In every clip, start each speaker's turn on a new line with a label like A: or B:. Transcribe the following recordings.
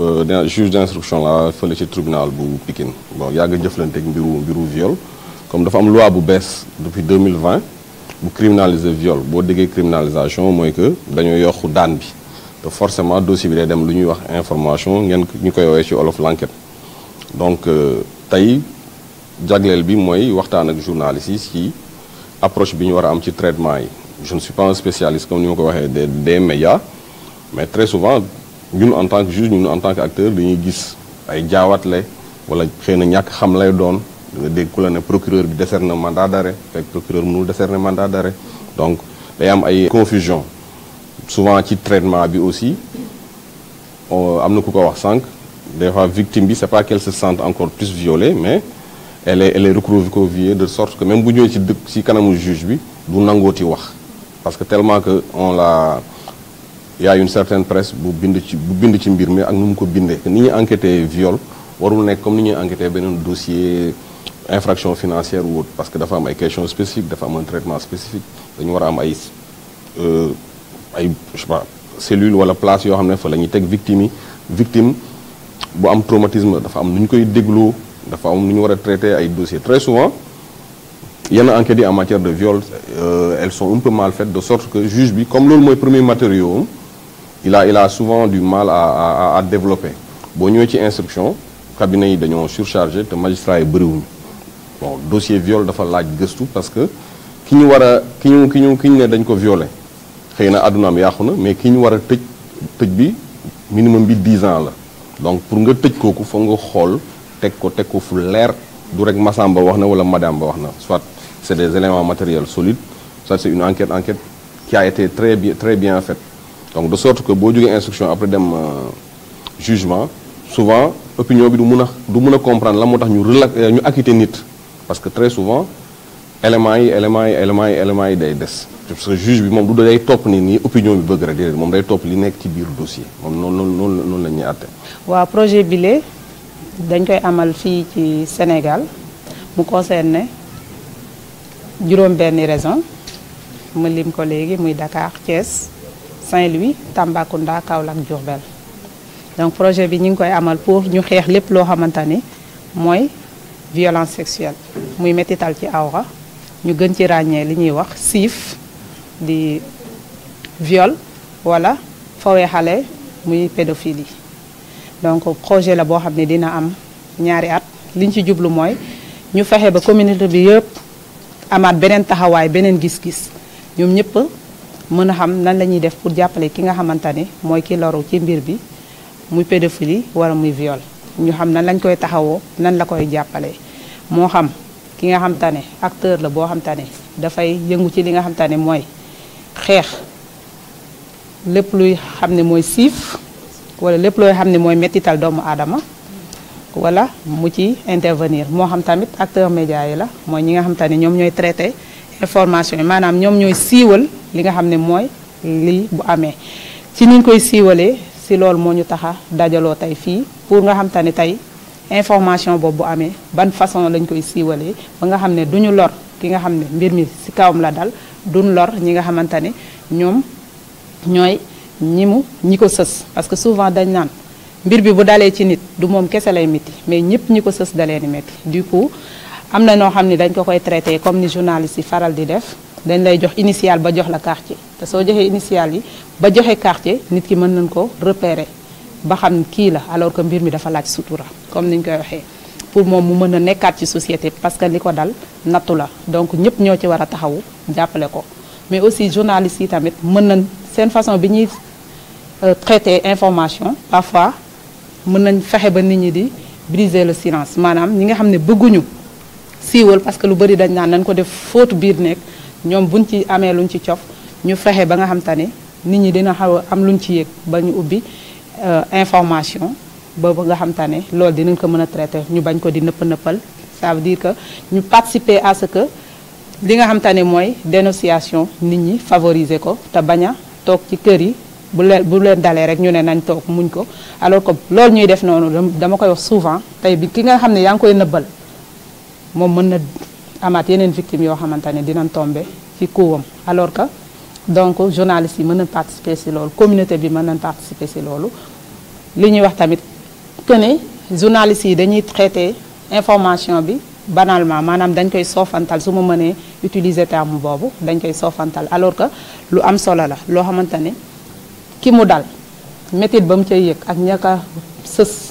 A: Euh, juge d'instruction la fële ci tribunal bu Pikine bon yàgg jëflanteeg mbiru mbiru viol comme dafa am loi bu bees depuis 2020 bu criminaliser viol boo déggee criminalisation mooy que dañoo yokk daan bi te forcément dossier bi day dem lu ñuy wax information ngeen ñu koy woowee ci olof l'enquête donc euh, tey jagleel bi mooy waxtaan ak journalistes yi ci approche bi ñu war a am ci traitement yi je ne suis pas un comme ni ma ko waxee des des médias mais très souvent ñun en tant que juge ñun en tant que acteur dañuy gis ay jaawatle wala xëy na ñàkk xam lay doon da nga dégg ku la ne procureur bi décerné mandat d'arrêt fekk procureur mënul décerné mandat d'arrêt donc day am ay confusion souvent ci traitement bi aussi am na ku ko wax sànq des fois victime bi c'est pas qu'elle se sente encore plus violée mais elle est elle est recroquevillée de sorte que même bu ñëwee ci dëkk si kanamu juge bi du nangooti wax parce que tellement que on la y a une certaine presse bu bind ci bu bind ci mbir mi ak nu mu ko bindee. ni ñuy enquêté viol warul nekk comme ni ñuy enquêté beneen dossier infraction financière ou parce que dafa am ay questions spécifiques dafa am un traitement spécifique dañu war a am ay euh, ay je sais pas cellule wala place yoo xam ne fa la ñuy teg victime yi victime bu am traumatisme dafa am nu ñu koy dégloo dafa am nu ñu war a traité ay dossiers très souvent yenn enquêtes yi en matière de viol euh, elles que juge bi comme loolu mooy premier matériau am il a il souvent du mal à à boo ñëwee ci instruction cabinet yi dañoo surchargé te magistrat yi bëriwuñu bon dossier viole dafa laaj gëstu parce que ki ñu war a ki ñu ki ñu ki ñu ne dañ ko viole xëy na àddunaam yàqu na mais ki ñu war a tëj tëj bi minimum bi 10 ans la donc pour nga tëj kooku foog nga xool teg ko teg ko fu leer du rek Massamba wax na wala Madamba wax na soit c'est des éléments matériels solide soit c'est une enquête enquête qui a très bien très donc de sorte que boo jógee instruction après dem euh, jugement souvent opinion bi du mun a du mun a comprendre la moo tax ñu relax euh, ñu acquitté nit parce que très souvent element yi éléments yi éléments yi day des parce que juge bi moom du day topp ni nii opinion bi bëgg rek déedéet moom day topp li nekk ci biir dossier moom noonu noonu noonu noonu la ñuy àtte
B: waa projet bile dañ koy amal fii ci Sénégal mu concerne juróom benni raison ma lim ko léegi muy Dakar Thiès Saint-Louis Tambacounda Kaolack Diourbel donc projet bi ñu ngi koy amal pour ñu xeex lépp loo xamante ni mooy violence sexuelle muy métital ci awra ñu gën ci ràññee li ñuy wax siif di viole wala fawee xale muy pédophilie donc projet la boo xam ne dina am ñaari at liñ ci jublu mooy ñu fexe ba communauté bi yëpp amaat beneen taxawaay beneen gis-gis ñoom ñëpp mën a xam nan la ñuy def pour jàppale ki nga xamante ne mooy ki loru ci mbir bi muy pédophilie wala muy viol ñu xam nan lañ koy taxawoo nan la koy jàppale moo xam ki nga xam te ne acteur la boo xam te ne dafay yëngu ci li nga xam te mooy xeex lépp luy xam ne mooy siif wala lépp looy xam ne mooy mettital doomu aadama wala mu ci intervenir moo xam tamit acteur média yi la mooy ñi nga xam te ñoom ñooy traité information yi maanaam ñoom ñooy siiwal li nga xam ne mooy lii bu amee ci niñ koy siiwalee si loolu moo ñu taxa dajaloo tey fii pour nga xam te tey information boobu amee ban façon lañ koy siiwalee ba nga xam ne du ñu lor ki nga xam ne mbir mi si kawam la dal du lor ñi nga xamante ne ñoom ñooy ñi mu ñi ko sës parce que souvent dañ naan mbir bi bu dalee ci nit du moom kese lay métti mais ñëpp ñi ko sës dalee ni métti du coup am na noo xam ni dañ ko koy traité comme ni journaliste yi faral di def dañ lay jox initial ba jox la quartier te soo joxee initial yi ba joxe quartier nit ki mën nañ ko repérer ba xam kii la alors que mbir mi dafa laaj sutura comme ni ñu koy waxee pour moom mu mën a nekkaat ci société parce que li ko dal nattu la donc ñëpp ñoo ci war a taxawu jàppale ko mais aussi journalistes yi tamit mën nañ seen façon bi ñuy euh, traité information parfois mën nañ fexe ba nit ñi di briser le silence maanaam ñi nga xam ne bëgguñu siiwal parce que lu bëri dañ naan nañ ko def fóotu biir nekk ñoom buñ ci amee lu luñ ci cof ñu fexe ba nga xam te nit ñi dina xaw a am luñ ci yéeg ba ñu ubbi euh, information boobu nga xam te ne loolu dinañ ko mën a traité ñu bañ ko di nëpp nëppal save veut dire que ñu participer à que li nga xam te ne mooy dénonciation nit ñi favoriser ko te bañ a toog ci kër yi bu leen bu leen dalee rek ñu ne nañ toog muñ ko alors ko loolu ñuy def noonu dama koy wax souvent tey bi ki nga xam ne yaa ngi koy nëbbal moom mën na amaat yeneen victime yoo xamante ne dinañ tombe ci kuwam alors que donc journaliste yi mën na participer si loolu communauté bi mën nañ participer si loolu li ñuy wax tamit que ne journaliste yi dañuy traité information bi banalement maanaam dañ koy sofantal su ma mënee utiliser terme boobu dañ koy sofantal alors que lu am solo la loo xamante ne ki mu dal métit ba mu cay yëg ak ñaka sës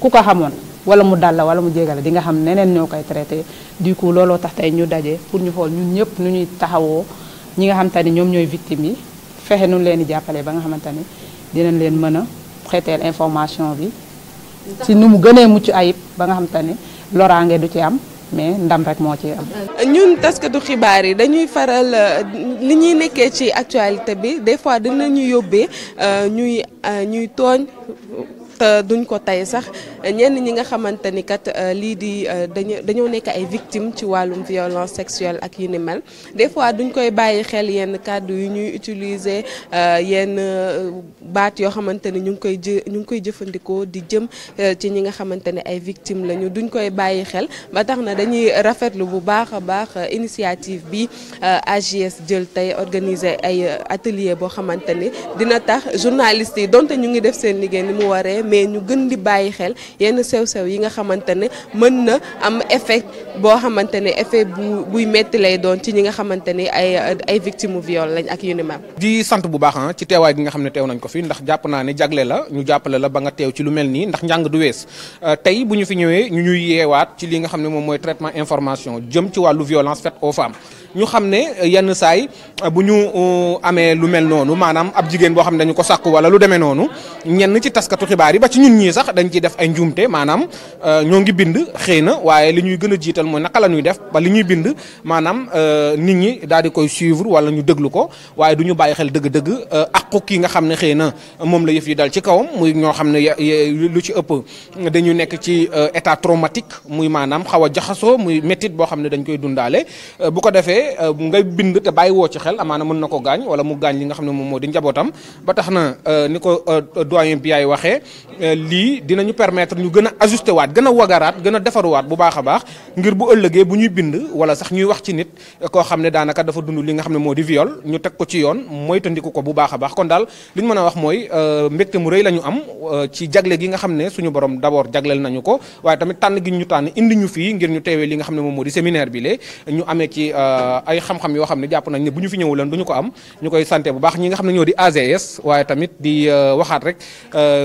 B: ku ko xamoon wala mu dal la wala mu jégale di nga xam neneen ñoo koy traité du coup looloo tax tey ñu daje pour ñu xool ñun ñëpp nu ñuy taxawoo ñi nga xam te ni ñoom ñooy victimes yi fexe nu leen di jàppale ba nga xamante ni dinañ leen mën a xeeteel information bi ci nu mu gënee mucc ayib ba nga xamante ni loraange du ci am mais ndam rek moo ci am.
C: ñun taskatu xibaar yi dañuy faral li ñuy nekkee ci actualité bi des fois dinañu yóbbee euh, ñuy euh, ñuy tooñ. Euh, duñ ko tey sax ñenn ñi nga xamante ni kat euh, lii di euh, dañu dañoo nekk ay victimes ci wàllum violence sexuelle ak yu ni mel des fois duñ koy bàyyi xel yenn kàddu yu ñuy utiliser yenn baat yoo xamante ni ñu ngi koy ñu ngi koy jëfandikoo di jëm ci ñi nga xamante ne ay victimes lañu duñ koy bàyyi xel ba tax na dañuy rafetlu bu baax a baax initiative bi AJS jël tey organiser ay atelier boo xamante ni dina tax journalistes yi donte ñu ngi def seen liggéey ni mu waree mais ñu gën di bàyyi xel yenn sew-sew yi nga xamante ne mën na am effet boo xamante ne effet bu buy metti lay doon ci ñi nga xamante ni ay ay victime viol lañ ak yu ni mel
D: di sant bu baax ah, ci teewaay gi nga xam ne teew nañ ko fi ndax jàpp naa ne jagle la ñu jàppale la ba nga teew ci lu mel nii ndax njàng du wees euh, tey bu ñu fi ñëwee ñu ñuy yeewaat ci li nga xam ne moom mooy traitement information jëm ci wàllu violence faite aux femmes ñu xam ne yenn saay euh, bu ñu euh, amee lu mel noonu maanaam ab jigéen boo xam ne dañu ko sàkku wala lu demee noonu ñenn ci taskatu xibaar yi ba ci ñun ñii sax dañ ciy def ay njuumte maanaam euh, ñoo ngi bind xëy na waaye li ñuy gën a jiital mooy naka la ñuy def ba li ñuy bind maanaam nit ñi daal di koy suivre wala ñu déglu ko waaye du ñu bàyyi xel dëgg-dëgg aqu kii nga xam ne xëy na moom la yëf yi dal ci kawam muy ñoo xam ne lu ci ëpp dañu nekk ci état traumatique muy maanaam xaw a jaxasoo muy métit boo xam ne dañ koy dundaale bu ko defee Euh, ngay bind te bàyyi woo ci xel amaana mën na ko gaañ wala mu gaañ li nga xam ne moom moo di njabootam ba tax na euh, ni ko euh, doyen bi yaay waxee Euh, lii dinañu permettre ñu gën a ajusté waat gën a wagaraat gën a defaruwaat bu baax a baax ngir bu ëllëgee bu ñuy bind wala sax ñuy wax ci nit euh, koo xam ne daanaka dafa dund li nga xam ne moo di viol ñu teg ko ci yoon moytandiku ko bu baax a baax kon daal li ñu mën a wax mooy euh, mbégte mu rëy la ñu am ci jagle gi nga xam ne suñu borom d'abord jagleel nañu ko waaye tamit tànn gi ñu tànn indi ñu fii ngir ñu teewee li nga xam ne moom di séminaire bi lee ñu amee ci ay xam yoo xam ne jàpp nañ ne bu ñu fi ñëwuloon du ñu ko am ñu koy santé bu baax ñi nga xam ne ñoo di AGS waaye tamit di waxaat rek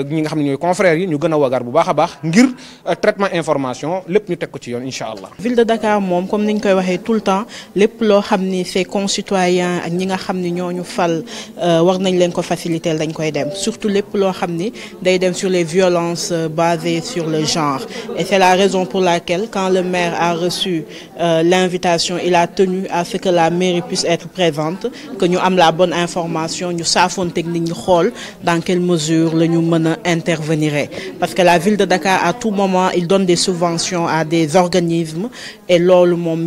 D: ñi nga xam confrères yi ñu gën wagar bu baax a baax ngir euh, traitement information lépp ñu teg ko ci yoon incha
C: allah. ville de Dakar moom comme niñ koy waxee tout le temps lépp loo xam ni ses concitoyens ñi nga xam ni ñoo ñu fal euh, war nañ leen ko faciliter dañ koy dem surtout lép loo xam ni day dem sur les violences euh, basées sur le genre et c'est la raison pour laquelle quand le maire a reçu l'invitation il a tenu à ce que la mairie puisse être présente que ñu am la bonne information convenirait. Parce que la ville de Dakar, à tout moment, il donne des subventions à des organismes. Et lol, mon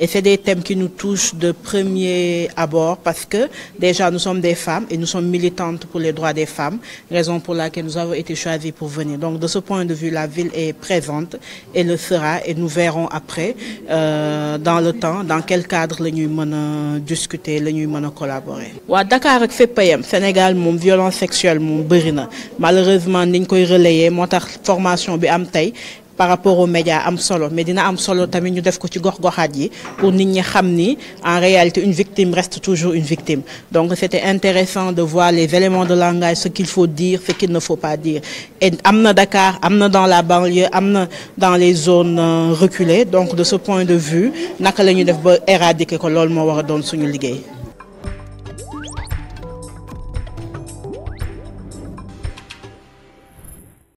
C: Et c'est des thèmes qui nous touchent de premier abord parce que déjà, nous sommes des femmes et nous sommes militantes pour les droits des femmes, raison pour laquelle nous avons été choisis pour de ce point de vue, la ville est présente et le sera après, euh, dans le temps, dans quel cadre la ñuy mën a discuter, la ñuy mën a collaborer. Dakar ak Sénégal moom violence sexuelle bëri na malheureusement niñ koy relayer moo tax formation bi am tey par rapport aux média am solo mais dina am solo tamit ñu def ko ci gox-goxaat yi pour nit ñi xam ni en réalité une victime reste toujours une victime donc c'était intéressant de voir les éléments de langage ce qu'il faut dire ce qu'il ne faut pas dire et am na Dakar am na dans la banlieue am na dans les zones euh, reculées donc de ce point de vue naka la ñuy def ba éradiquer ko loolu moo war a doon suñu liggéey